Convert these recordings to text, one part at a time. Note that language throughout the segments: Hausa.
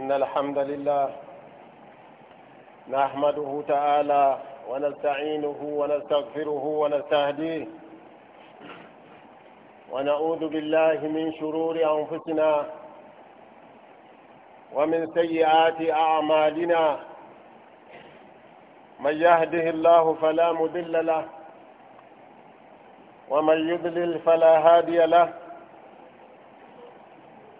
إن الحمد لله نحمده تعالى ونستعينه ونستغفره ونستهديه ونعوذ بالله من شرور أنفسنا ومن سيئات أعمالنا من يهده الله فلا مذل له ومن يذلل فلا هادي له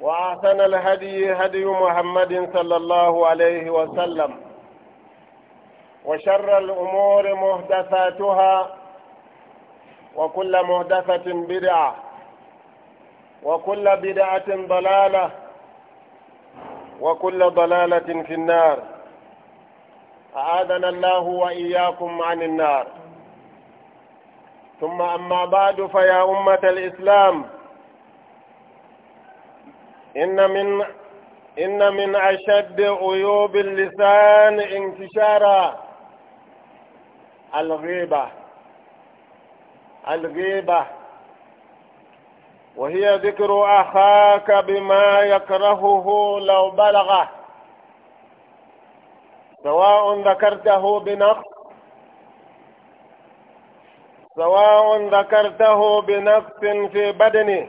وأحسن الهدي هدي محمد صلى الله عليه وسلم وشر الأمور مهدفاتها وكل مهدفة بدعة وكل بدعة ضلالة وكل ضلالة في النار أعاذنا الله وإياكم عن النار ثم أما بعد فيا أمة الإسلام إن من إن من أشد عيوب اللسان انتشارا الغيبة الغيبة وهي ذكر أخاك بما يكرهه لو بلغه سواء ذكرته بنقص سواء ذكرته بنقص في بدنه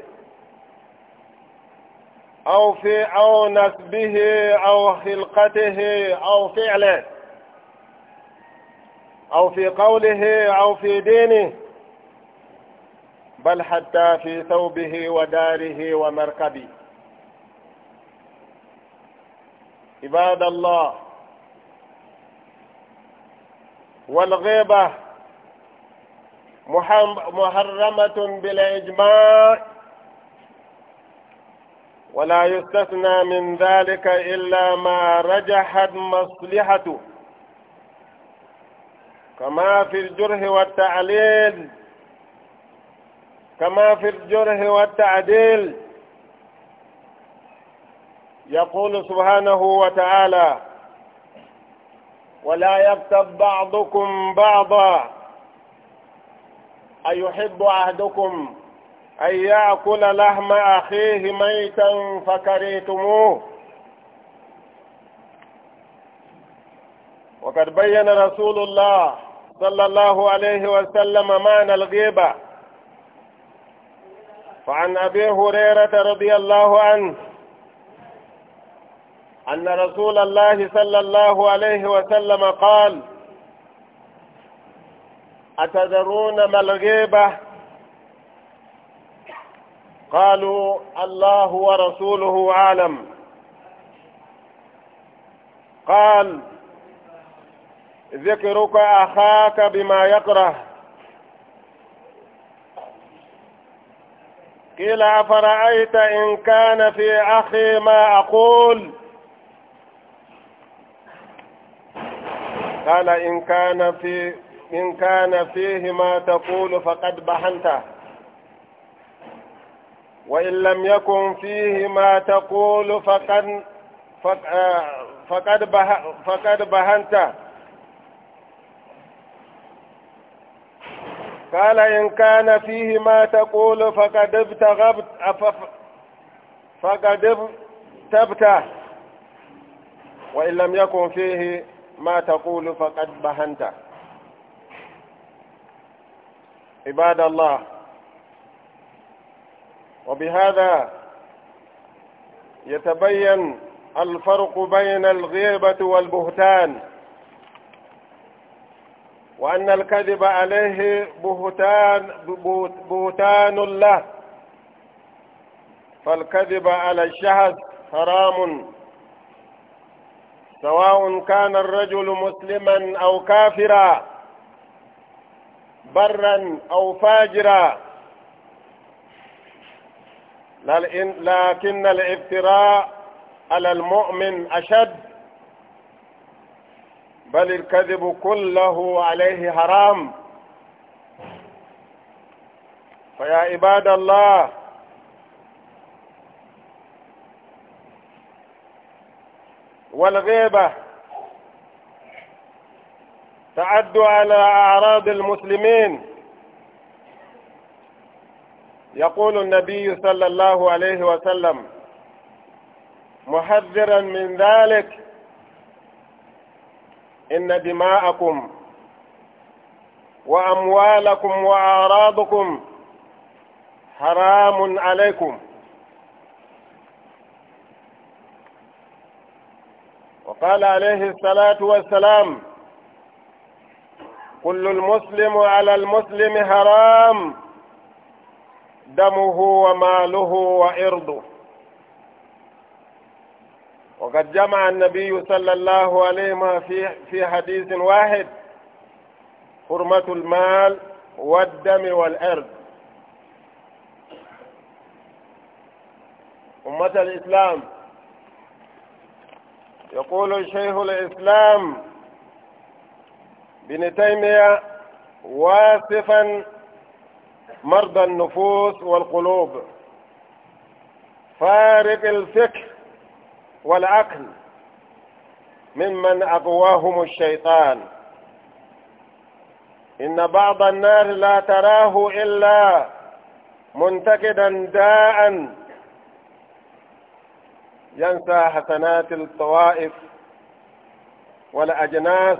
أو في أو نسبه أو خلقته أو فعله أو في قوله أو في دينه بل حتى في ثوبه وداره ومركبه عباد الله والغيبة محرمة بالإجماع ولا يستثنى من ذلك إلا ما رجحت مصلحته كما في الجرح والتعليل كما في الجرح والتعديل يقول سبحانه وتعالى ولا يغتب بعضكم بعضا أيحب أحدكم أن يأكل لحم أخيه ميتا فكرهتموه وقد بين رسول الله صلى الله عليه وسلم معنى الغيبة فعن أبي هريرة رضي الله عنه أن رسول الله صلى الله عليه وسلم قال أتذرون ما الغيبة قالوا الله ورسوله عالم قال ذكرك أخاك بما يكره قيل أفرأيت إن كان في أخي ما أقول قال إن كان في إن كان فيه ما تقول فقد بحنته وإن لم يكن فيه ما تقول فقد فقد بها فقد بهنت قال إن كان فيه ما تقول فقد ابتغبت فقد ابتغبت وإن لم يكن فيه ما تقول فقد بهنت عباد الله وبهذا يتبين الفرق بين الغيبة والبهتان وأن الكذب عليه بهتان, بهتان له فالكذب على الشهد حرام سواء كان الرجل مسلما أو كافرا برا أو فاجرا لكن الافتراء على المؤمن أشد بل الكذب كله عليه حرام فيا عباد الله والغيبة تعد على أعراض المسلمين يقول النبي صلى الله عليه وسلم محذرا من ذلك إن دماءكم وأموالكم وأعراضكم حرام عليكم وقال عليه الصلاة والسلام كل المسلم على المسلم حرام دمه وماله وإرضه وقد جمع النبي صلى الله عليه في في حديث واحد حرمة المال والدم والإرض أمة الإسلام يقول شيخ الإسلام بن تيمية واصفا مرضى النفوس والقلوب فارق الفكر والعقل ممن أقواهم الشيطان إن بعض النار لا تراه إلا منتقدا داء ينسى حسنات الطوائف والأجناس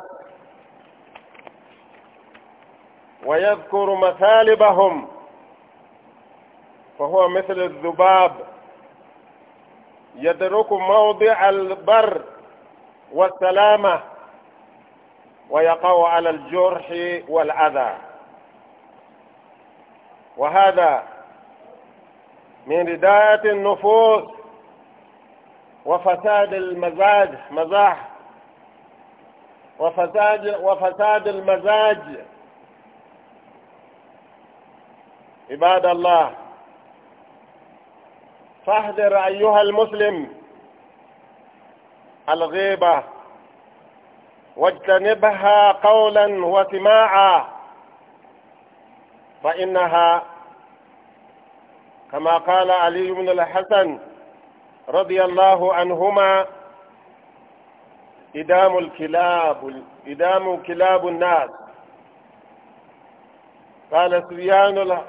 ويذكر مثالبهم فهو مثل الذباب يدرك موضع البر والسلامة ويقع على الجرح والأذى وهذا من رداءة النفوس وفساد المزاج مزاح وفساد وفساد المزاج عباد الله فاحذر أيها المسلم الغيبة واجتنبها قولا وسماعا فإنها كما قال علي بن الحسن رضي الله عنهما إدام الكلاب إدام كلاب الناس قال سفيان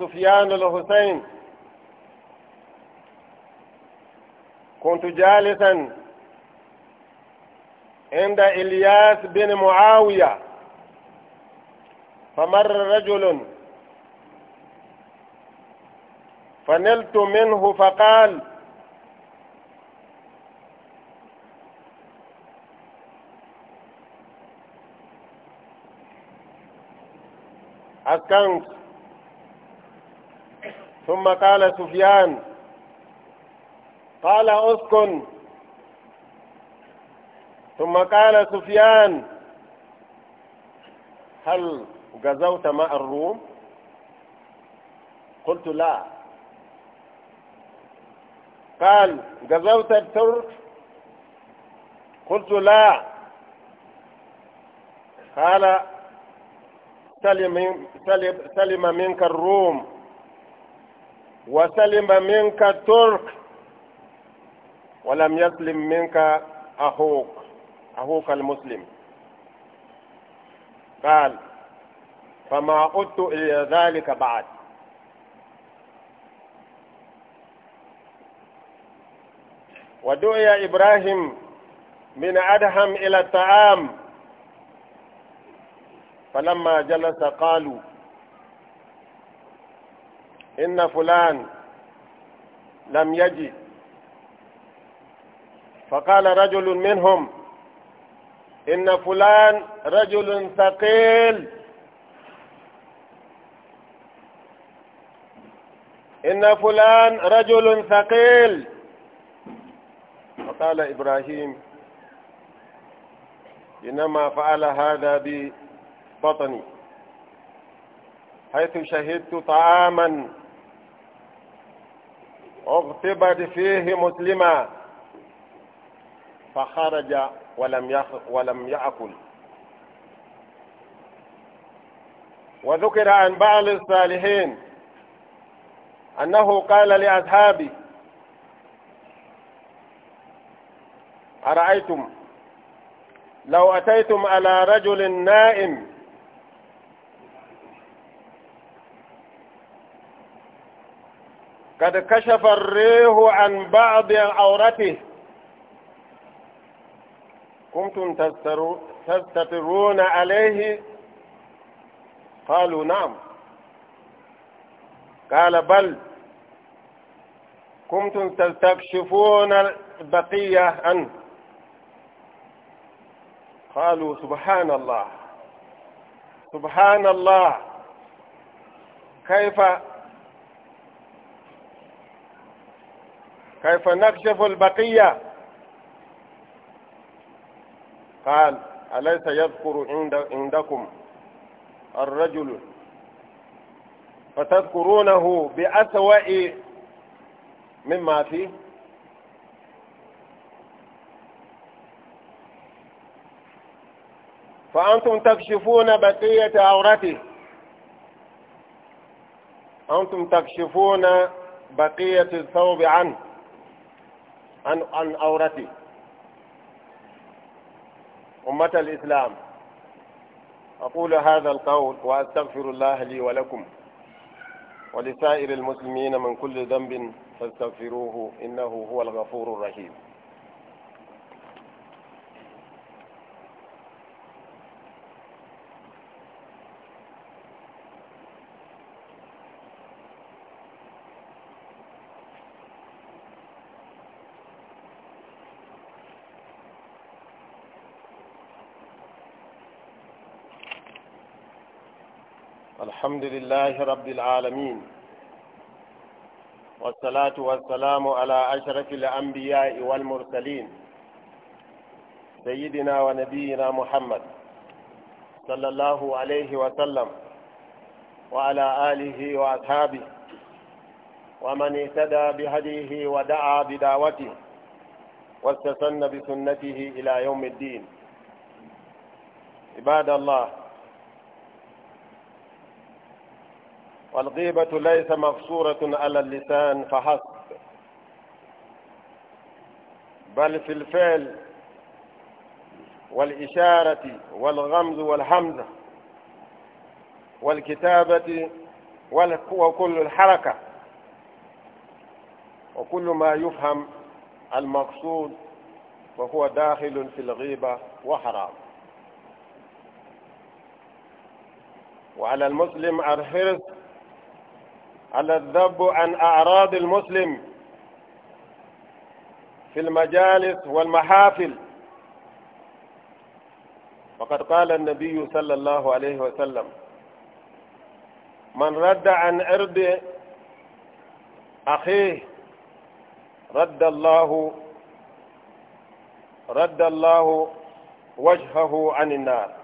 سفيان الحسين كنت جالسا عند إلياس بن معاوية فمر رجل فنلت منه فقال أسكنك ثم قال سفيان قال أسكن ثم قال سفيان هل غزوت ماء الروم قلت لا قال غزوت الترك قلت لا قال سلم, منك الروم وسلم منك الترك ولم يسلم منك أخوك أخوك المسلم قال فما عدت إلى ذلك بعد ودعي إبراهيم من أدهم إلى الطعام فلما جلس قالوا إن فلان لم يجي فقال رجل منهم إن فلان رجل ثقيل إن فلان رجل ثقيل فقال إبراهيم إنما فعل هذا بي بطني حيث شهدت طعاما اغتبت فيه مسلما فخرج ولم يخ ولم يأكل وذكر عن بعض الصالحين أنه قال لاصحابي أرأيتم لو أتيتم على رجل نائم قد كشف الريح عن بعض عورته كنتم تستطرون عليه قالوا نعم قال بل كنتم تستكشفون البقية عنه قالوا سبحان الله سبحان الله كيف كيف نكشف البقية قال أليس يذكر عند عندكم الرجل فتذكرونه بأسوأ مما فيه فأنتم تكشفون بقية عورته أنتم تكشفون بقية الثوب عنه عن عن عورته أمة الإسلام أقول هذا القول وأستغفر الله لي ولكم ولسائر المسلمين من كل ذنب فاستغفروه إنه هو الغفور الرحيم الحمد لله رب العالمين والصلاة والسلام على أشرف الأنبياء والمرسلين سيدنا ونبينا محمد صلى الله عليه وسلم وعلى آله وأصحابه ومن اهتدى بهديه ودعا بدعوته واستسن بسنته إلى يوم الدين عباد الله والغيبة ليس مفصورة على اللسان فحسب بل في الفعل والإشارة والغمز والهمزة والكتابة وكل الحركة وكل ما يفهم المقصود وهو داخل في الغيبة وحرام وعلى المسلم الحرص على الذب عن أعراض المسلم في المجالس والمحافل وقد قال النبي صلى الله عليه وسلم من رد عن عرض أخيه رد الله رد الله وجهه عن النار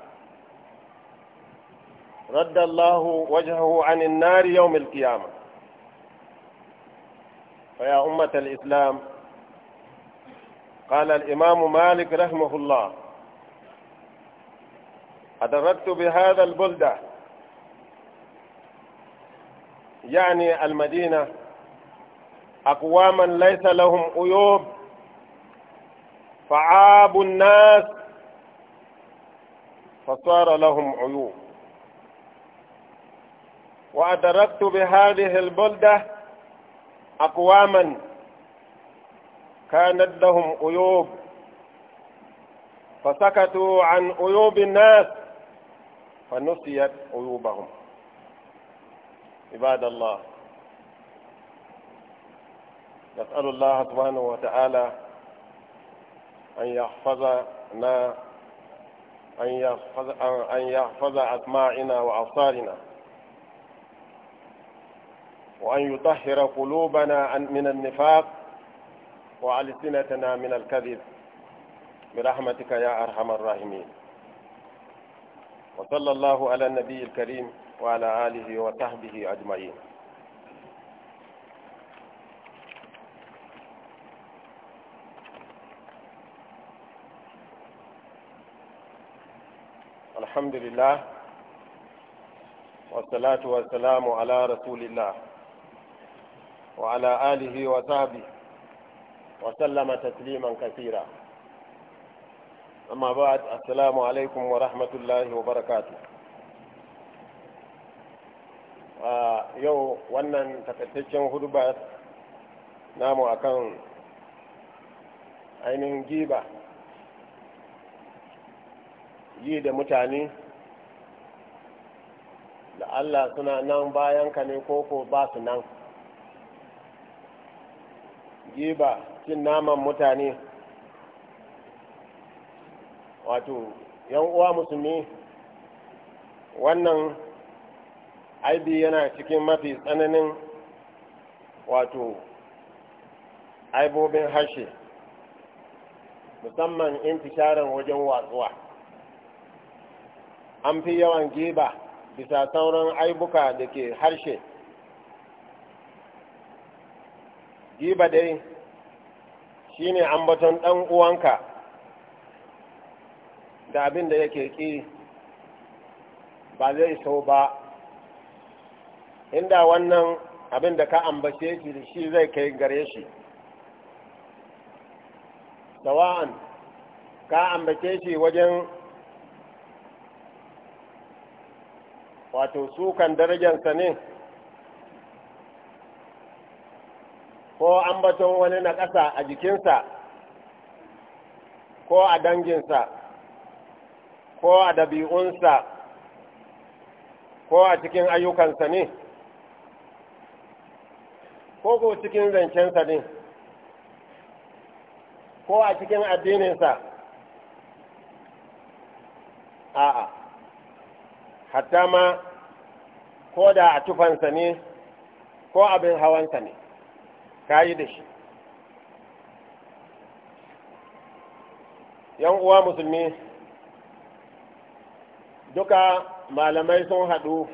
رد الله وجهه عن النار يوم القيامة فيا أمة الإسلام قال الإمام مالك رحمه الله أدركت بهذا البلدة يعني المدينة أقواما ليس لهم عيوب فعاب الناس فصار لهم عيوب وأدركت بهذه البلدة أقواما كانت لهم عيوب فسكتوا عن عيوب الناس فنسيت عيوبهم عباد الله نسأل الله سبحانه وتعالى أن يحفظنا أن يحفظ أن يحفظ أسماعنا وأبصارنا وأن يطهر قلوبنا من النفاق وألسنتنا من الكذب برحمتك يا أرحم الراحمين وصلى الله على النبي الكريم وعلى آله وصحبه أجمعين الحمد لله والصلاة والسلام على رسول الله وعلى آله وصحبه وسلم تسليما كثيرا أما alaikum السلام عليكم ورحمة الله وبركاته yau wannan takaitaccen huduba namu akan ainihin giba yi da mutane da Allah suna nan bayan ka ne koko ba su nan giba cin naman mutane wato yan uwa musulmi wannan aibi yana cikin mafi tsananin wato aibobin harshe musamman in intisharin wajen watsuwa an fi yawan giba bisa sauran aibuka da ke harshe shi ba dai shi ne ambaton ɗan uwanka da abin da yake ƙi ba zai so ba inda wannan abin da ka ambace shi shi zai kai gare shi sawa'an ka ambace shi wajen wato sukan darajarsa ne ko ambaton wani na ƙasa a jikinsa ko a danginsa ko a dabi'unsa ko a cikin ayyukansa ne ko ko cikin zancensa ne ko a cikin addininsa a'a hatta ma ko da a tufansa ne ko abin hawansa ne ka yi da shi yan uwa musulmi duka malamai sun haɗu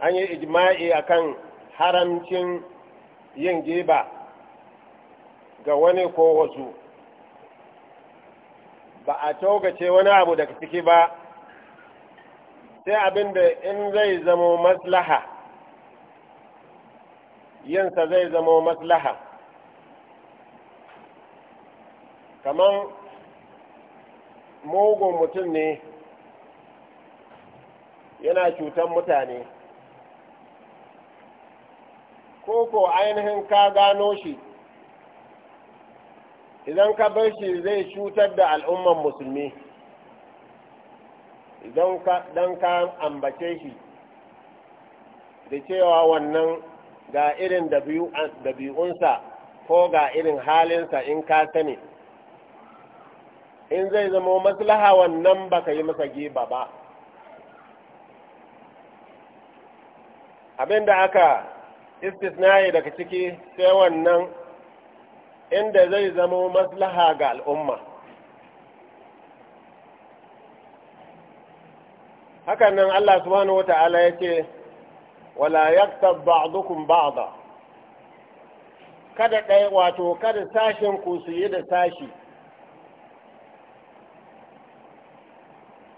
an yi ijma'i akan haramcin yin giba ga wani ko wasu ba a togace wani abu daga ciki ba sai abin da in zai zama maslaha yinsa zai zama maslaha kaman mugun mutum ne yana cutan mutane ko ko ainihin ka gano shi idan ka bar shi zai cutar da al'umman musulmi idan ka ambace shi da cewa wannan ga irin dabi'unsa ko ga irin halinsa in ka sani in zai zama maslaha wannan baka yi masa giba ba abinda aka istisnaye daga ciki sai wannan inda zai zama maslaha ga al'umma hakan nan Allah subhanahu wata'ala ya ce wala yaktab ba'dukum ba'da kada dai wato kada sashen ku su yi da sashi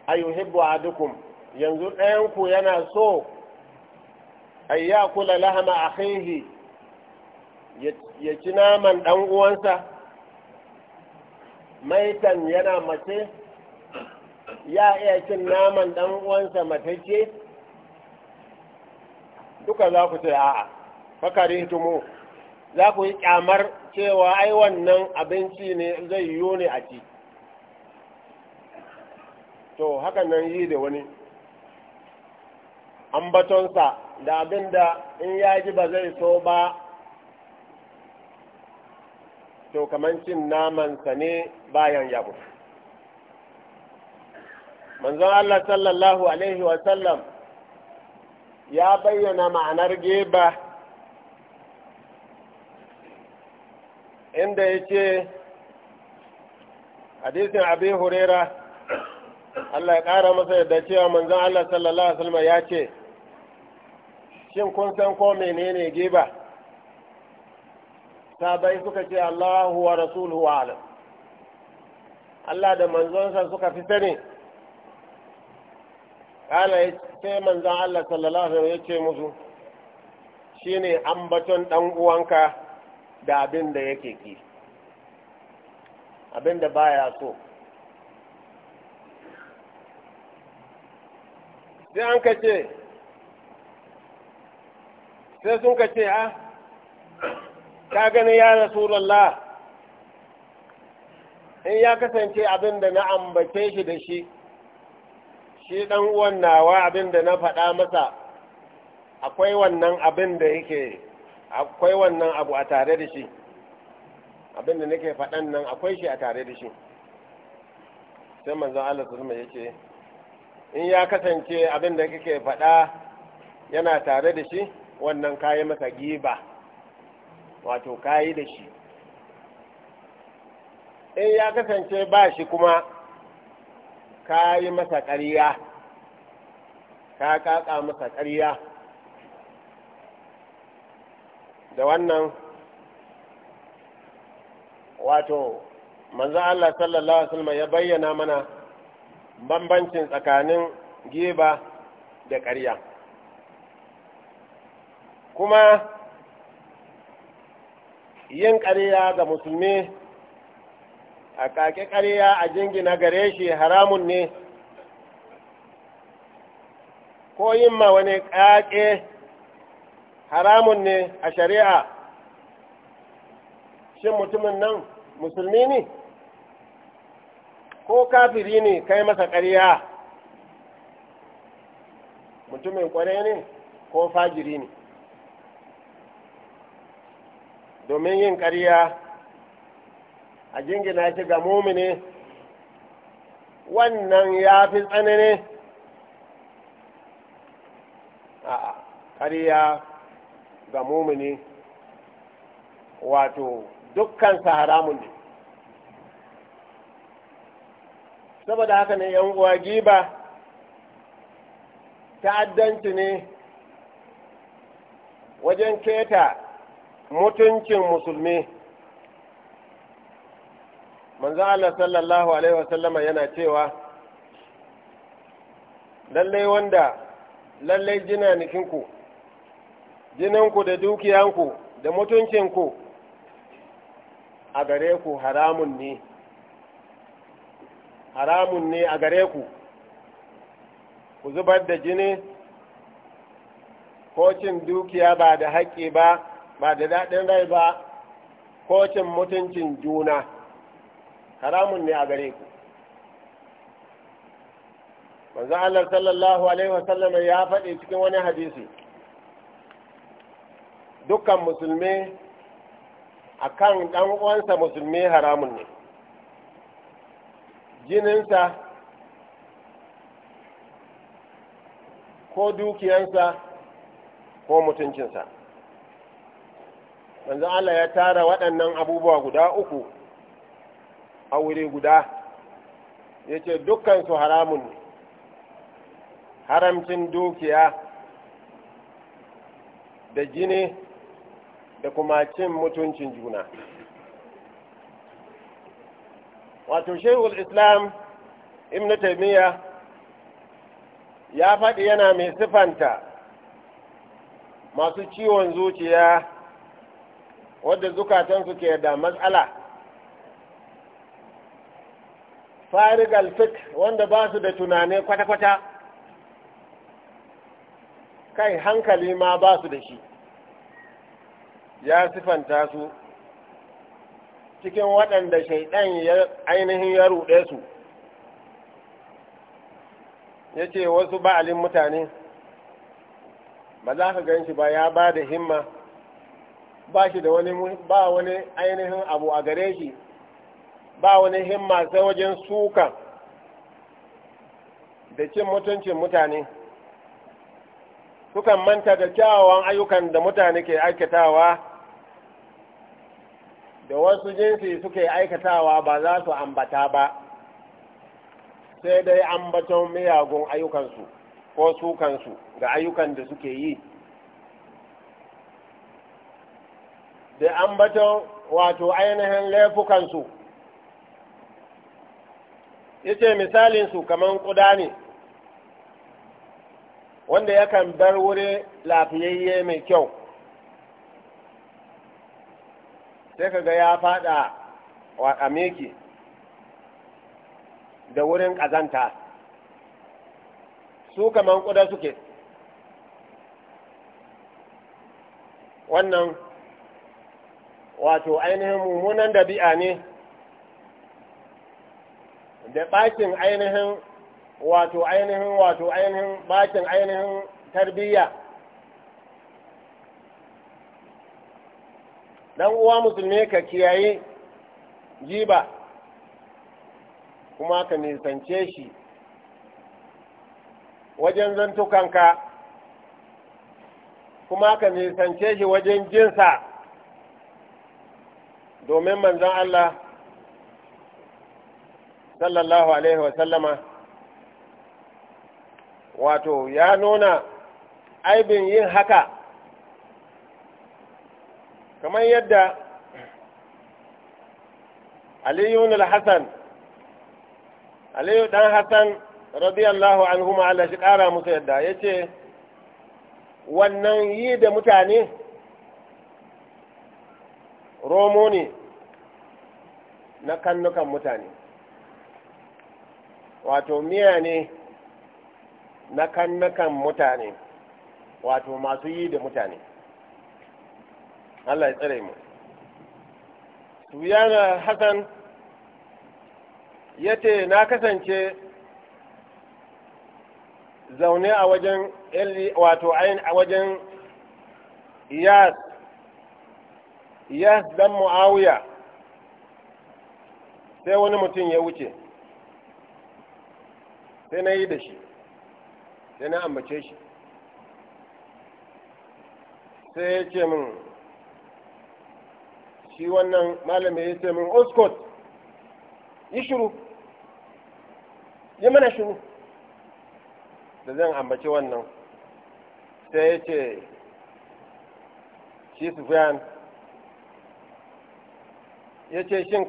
ayuhibbu adukum yanzu ɗayan ku yana so ayyakula yakula lahama akhihi ya ci naman dan uwansa maitan yana mace ya iya cin naman dan uwansa matacce duka za ku ce a'a fakari tumo za ku yi kyamar cewa ai wannan abinci ne zai yiwu ne a ci to hakan nan yi da wani ambatonsa da abin da in ya ji ba zai so ba to kamancin namansa ne bayan yabo manzon Allah sallallahu alaihi wasallam ya bayyana ma'anar geba inda ya ce hadisin abin hurera Allah ya ƙara masa yadda cewa manzon Allah sallallahu Alaihi wasallam ya ce shin kun san ko menene geba sabai suka ce Allahu wa rasuluhu alam Allah da manzonsa suka fi sani kala sai manzan Allah sallallahu alaihi ya ce musu shine ambaton dan uwanka da abin da yake ki abin da baya so sai an ka ce sai sun ka ce ah, a ta gani ya rasulallah in ya kasance abin da na ambace shi da shi shi ɗan uwan nawa abin da na faɗa masa akwai wannan abin da yake akwai wannan abu a tare da shi abin da nake faɗan nan akwai shi a tare da shi sai manzon Allah sulma ya ce in ya kasance abin da kake faɗa yana tare da shi wannan kayi masa giba wato kayi da shi in ya kasance ba shi kuma ka yi masa ƙarya ka ƙaƙa masa ƙarya da wannan wato manzo Allah sallallahu alaihi ya bayyana mana bambancin tsakanin giba da ƙarya kuma yin ƙarya ga musulmi a kake ƙarya a jingina gare shi haramun ne ko yin ma wani ƙaƙe haramun ne a shari'a shin mutumin nan musulmi ne ko kafiri ne kai masa ƙarya mutumin ƙware ne ko fajiri ne domin yin ƙarya a jingina shi ga mumini wannan ya fi tsanani a ƙariya ga mumini wato dukkan haramun ne saboda haka ne yan uwa giba ta'addanci ne wajen keta mutuncin musulmi manzo Allah sallallahu alaihi wasallama yana cewa lallai wanda lallai jinanikinku jinanku da dukiyanku da mutuncinku a gare ku haramun ne haramun ne a gare ku ku zubar da jini ko cin dukiya ba da haƙƙi ba ba da daɗin rai ba ko cin mutuncin juna haramun ne a gare ku manzon Allah sallallahu alaihi wasallam ya faɗi cikin wani hadisi dukkan musulmi akan ɗan uwansa musulmi haramun ne jininsa ko dukiyansa ko mutuncinsa manzon Allah ya tara waɗannan abubuwa guda uku a wuri guda ya ce dukansu haramun haramcin dukiya da jini da kuma cin mutuncin juna wato shehu islam ibn taimiyya ya faɗi yana mai sifanta masu ciwon zuciya wadda zukatansu ke da matsala farigal fiqh wanda ba su da tunane kwata-kwata kai hankali ma ba su da shi ya sifanta su cikin waɗanda shaiɗan ya ainihin ya ruɗe su ya ce wasu ba'alin mutane ba za ka gan shi ba ya ba da himma ba shi da wani ba wani ainihin abu a gare shi ba wani himma sai wajen suka da cin mutuncin mutane sukan manta da kyawawan ayyukan da mutane ke aikatawa da wasu jinsi suke aikatawa ba za su ambata ba sai dai ambaton miyagun ayyukansu ko sukansu ga ayyukan da suke yi da ambaton wato ainihin laifukansu yace misalin su kaman kuda ne wanda yakan bar wuri lafiyayye mai kyau sai kaga ya fada wa ameki da wurin ƙazanta su kaman kuda suke wannan wato ainihin mummunan dabi'a ne da bakin ainihin wato ainihin wato ainihin bakin ainihin tarbiyya dan uwa musulmi ka kiyaye jiba kuma ka nisance shi wajen zantukanka kuma ka nisance shi wajen jinsa domin manzon Allah sallallahu alaihi wasallama wato ya nuna aibin yin haka kamar yadda aliyun al-hassan aliyu dan hassan radiyallahu anhuma Allah shi ƙara musu yadda ya ce wannan yi da mutane romo ne na kannukan mutane wato miya ne na kan mutane wato masu yi da mutane Allah ya tsare mu suyana hassan ya ce na kasance zaune a wajen wato a wajen iyas iyas dan mu'awiya sai wani mutum ya wuce sai na yi da shi sai na ambace shi sai ya ce min shi wannan malamai ya ce min oscott yi shiru yi mana shiru da zan ambace wannan sai ya ce shi sufiyan ya ce shi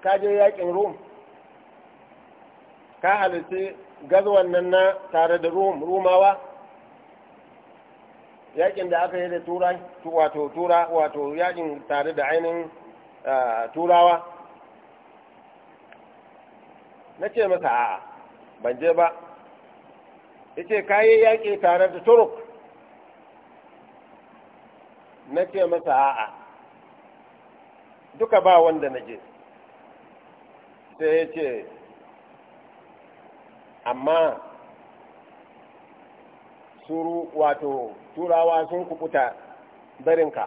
ka je yakin rome ka halarci gazuwan nan na tare da rumawa yakin da aka yi da turai wato tura wato yakin tare da ainihin turawa na ce masa a ban je ba ya ce kayi yaƙi tare da turuk na ce masa a'a duka ba wanda na je sai ya ce amma suru wato turawa sun kubuta barinka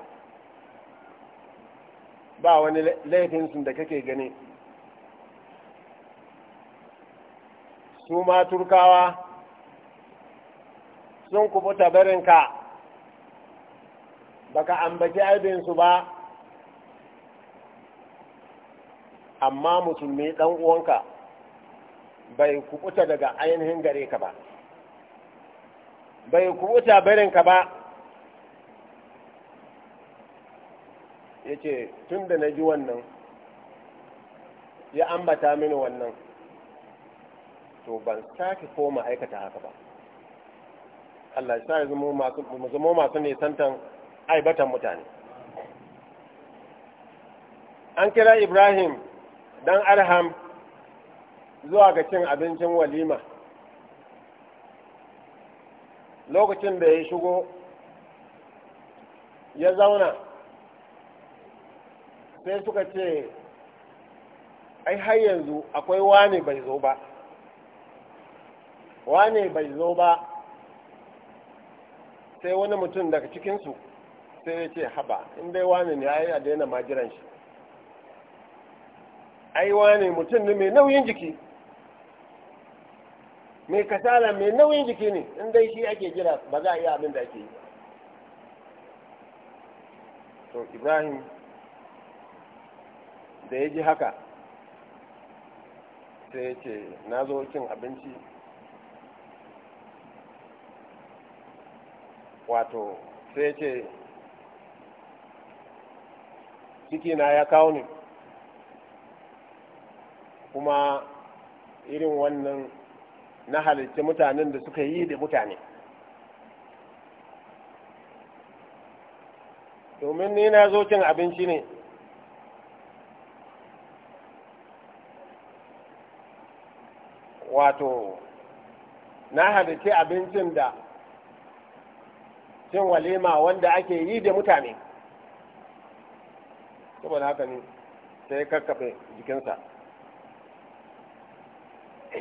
ba wani laifinsu da kake gani su ma turkawa sun kubuta barinka baka ambaci aibinsu ba amma musulmi ɗan uwanka bai kubuta daga ainihin gare ka ba bai kubuta barin ka ba ya ce tun da na ji wannan ya ambata mini wannan to ban sake koma aikata haka ba Allah ya sa mu zama masu nisantan aibatan mutane an kira ibrahim dan arham zuwa ga cin abincin walima lokacin da ya shigo ya zauna sai suka ce ai har yanzu akwai wane bai zo ba wane bai zo ba sai wani mutum daga cikinsu sai ya ce haba in dai wane ne ai a daina majiran shi ai wane mutum ne mai nauyin jiki mai kasala mai nauyin jiki ne in dai shi ake jira ba za a iya abin da ake yi to ibrahim da ya ji haka sai ya ce na zo cin abinci wato sai ya ce cikina ya kawo ni kuma irin wannan na halitta mutanen da suka yi da mutane domin ni na zo cin abinci ne wato na halitta abincin da cin walima wanda ake yi da mutane saboda haka ne sai kakkafe jikinsa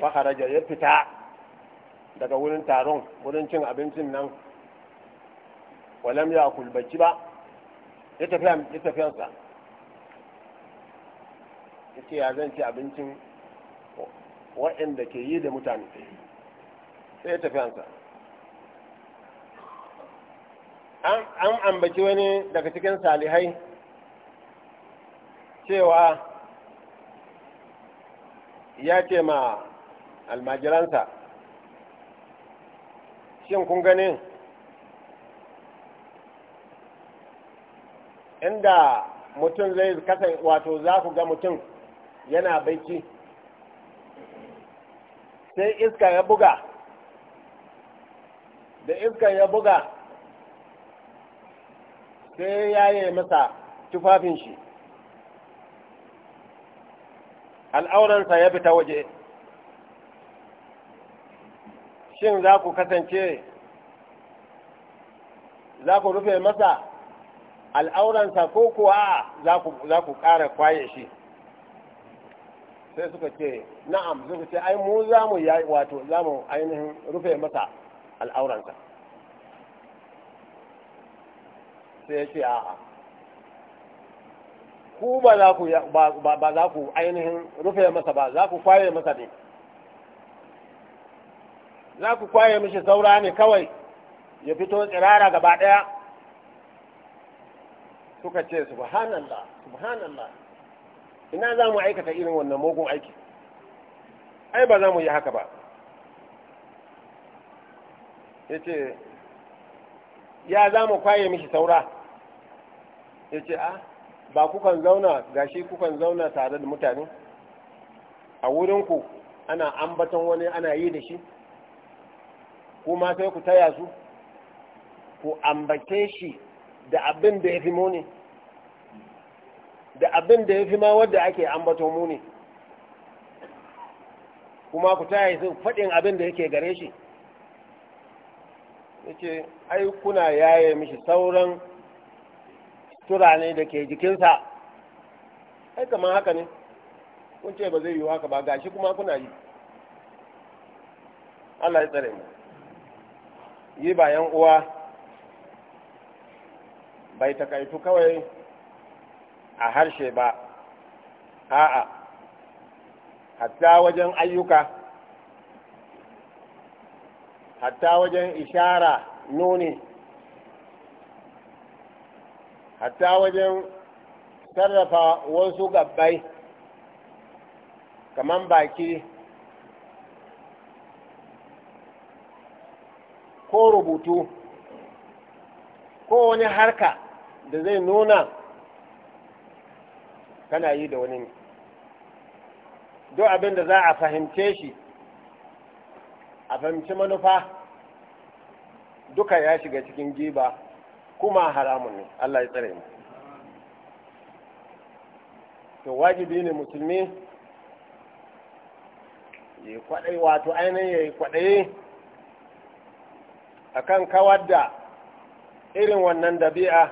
faharaja ya fita daga wurin taron wurin cin abincin nan walam ya kulbaci ba ya tafiyansa ya ce ya zan ci abincin waɗanda ke yi da mutane sai ya tafiyansa an ambaci wani daga cikin salihai cewa ya ce ma almajiransa shin kun ganin inda mutum zai kasa wato za ku ga mutum yana baiki sai iska ya buga da iska ya buga sai ya yi masa tufafin shi al'auransa ya fita waje shin za ku kasance za ku rufe masa al'auransa ko kuwa za ku ƙara kwaye shi sai suka ce na'am suka ce ai mu za mu wato za mu ainihin rufe masa al'auransa sai ya ce a'a ku ba za ku ainihin rufe masa ba za ku kwaye masa ne za ku kwaye mishi saura ne kawai ya fito tsirara gaba ɗaya suka ce subhanallah subhanallah ina za mu aikata irin wannan mugun aiki ai ba za mu yi haka ba ya ce ya za mu kwaye mishi saura ya ce a ah, ba kukan zauna gashi kukan zauna tare da mutane a wurinku ana ambaton wani ana yi da shi kuma sai ku taya su ku ambace shi da abin da ya fi muni da abin da ya fi ma wadda ake ambato muni kuma ku taya su faɗin abin da yake gare shi yake ai kuna yaye mishi sauran turane da ke jikinsa ai kamar haka ne kun ce ba zai yiwu haka ba gashi kuma kuna yi Allah ya tsare mu yi bayan uwa bai takaitu kawai a harshe ba a'a hatta wajen ayyuka hatta wajen ishara nuni hatta wajen sarrafa wasu gabbai kamar baki ko rubutu ko wani harka da zai nuna kana yi da wani duk abin da za a fahimce shi a fahimci manufa duka ya shiga cikin giba kuma haramun ne Allah ya tsare mu to wajibi ne musulmi ya kwaɗai wato ainihin ya yi kwaɗayi akan kawar da irin wannan dabi'a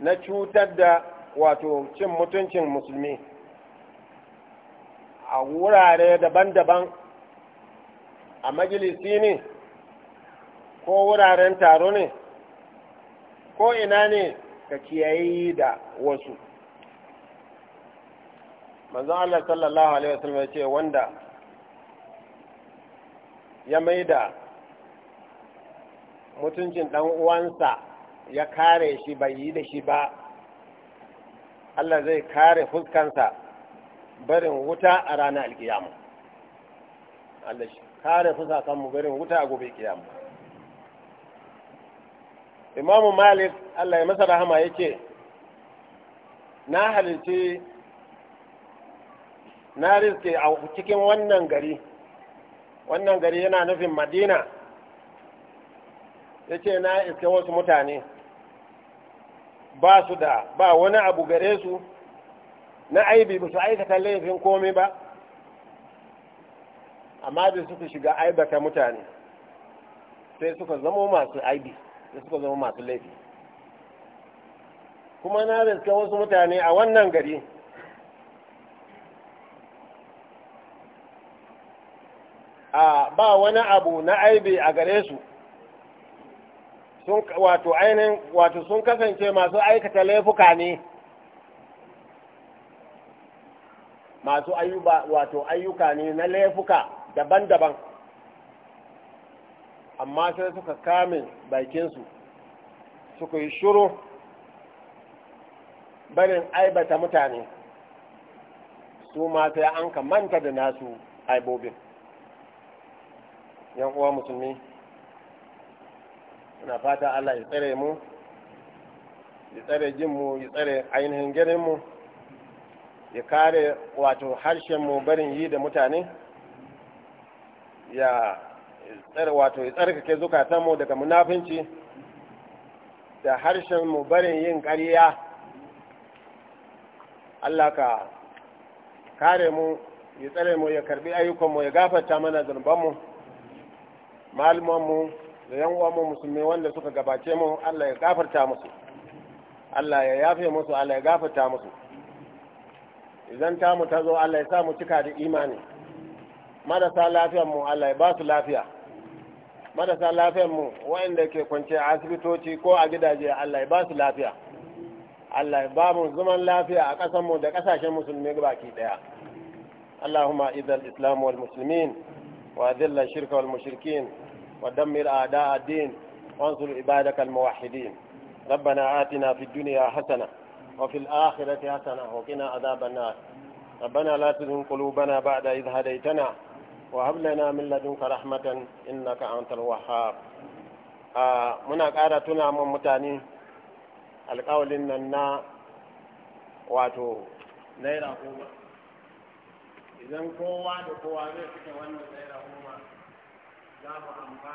na cutar da wato cin mutuncin musulmi a wurare daban-daban a majalisi ne ko wuraren taro ne ko ina ne ka kiyayi da wasu manzon Allah sallallahu alaihi wasallam ya ce wanda ya maida mutuncin ɗan uwansa ya kare shi bai yi da shi ba Allah zai kare fuskansa barin wuta a ranar alkiyama Allah shi kare fusakanmu barin wuta a gobe kiyama imamu malik Allah ya masa rahama ya ce na halitti na riske a cikin wannan gari wannan gari yana nufin madina ya ce na iske wasu mutane ba su da ba wani abu gare su na aibi ba su aikata laifin komi ba amma da suka shiga aibata mutane sai suka zama masu aibi da suka zama masu laifi kuma na riske wasu mutane a wannan gari a ba wani abu na aibi a gare su sun wato ainihin wato sun kasance masu aikata laifuka ne masu ayyuka wato ayyuka ne na laifuka daban-daban amma sai suka kame bakinsu suka yi shuru barin aibata mutane su ma sai an ka manta da nasu aibobin yan uwa musulmi ina fata Allah ya tsare mu ya tsare jinmu ya tsare ainihin ganinmu ya kare wato harshenmu barin yi da mutane ya tsare wato ya tsarkake zukatanmu daga munafinci da harshenmu barin yin ƙarya Allah ka kare mu ya tsare mu ya karbi ayyukanmu ya gafarta mana zunubanmu malumanmu da yan uwa mu musulmi wanda suka gabace mu Allah ya gafarta musu Allah ya yafe musu Allah ya gafarta musu idan ta mu ta zo Allah ya sa mu cika da imani marasa lafiyar mu Allah ya ba su lafiya marasa lafiyar mu waɗanda ke kwance a asibitoci ko a gidaje Allah ya ba su lafiya Allah ya ba mu zaman lafiya a ƙasar mu da ƙasashen musulmi baki daya wal muslimin wa والمسلمين shirka wal mushrikin ودمر أعداء الدين وانصر عبادك الموحدين ربنا آتنا في الدنيا حسنة وفي الآخرة حسنة وقنا عذاب النار ربنا لا تزن قلوبنا بعد إذ هديتنا وهب لنا من لدنك رحمة إنك أنت الوهاب آه منا قارة من متاني القول إننا واتو نيرا قوما إذا قوة قوة ذلك وأن نيرا قوما لا